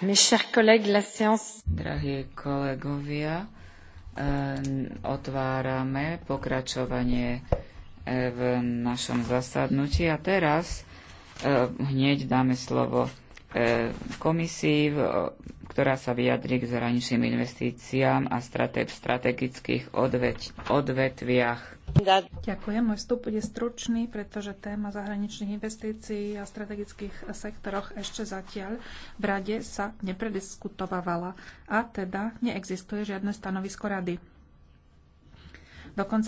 Drahí kolegovia, ehm, otvárame pokračovanie e, v našom zasadnutí a teraz e, hneď dáme slovo e, komisii, ktorá sa vyjadri k zahraničným investíciám a strategických odvetviach. Ďakujem. Môj vstup bude stručný, pretože téma zahraničných investícií a strategických sektoroch ešte zatiaľ v rade sa neprediskutovala a teda neexistuje žiadne stanovisko rady. Dokonca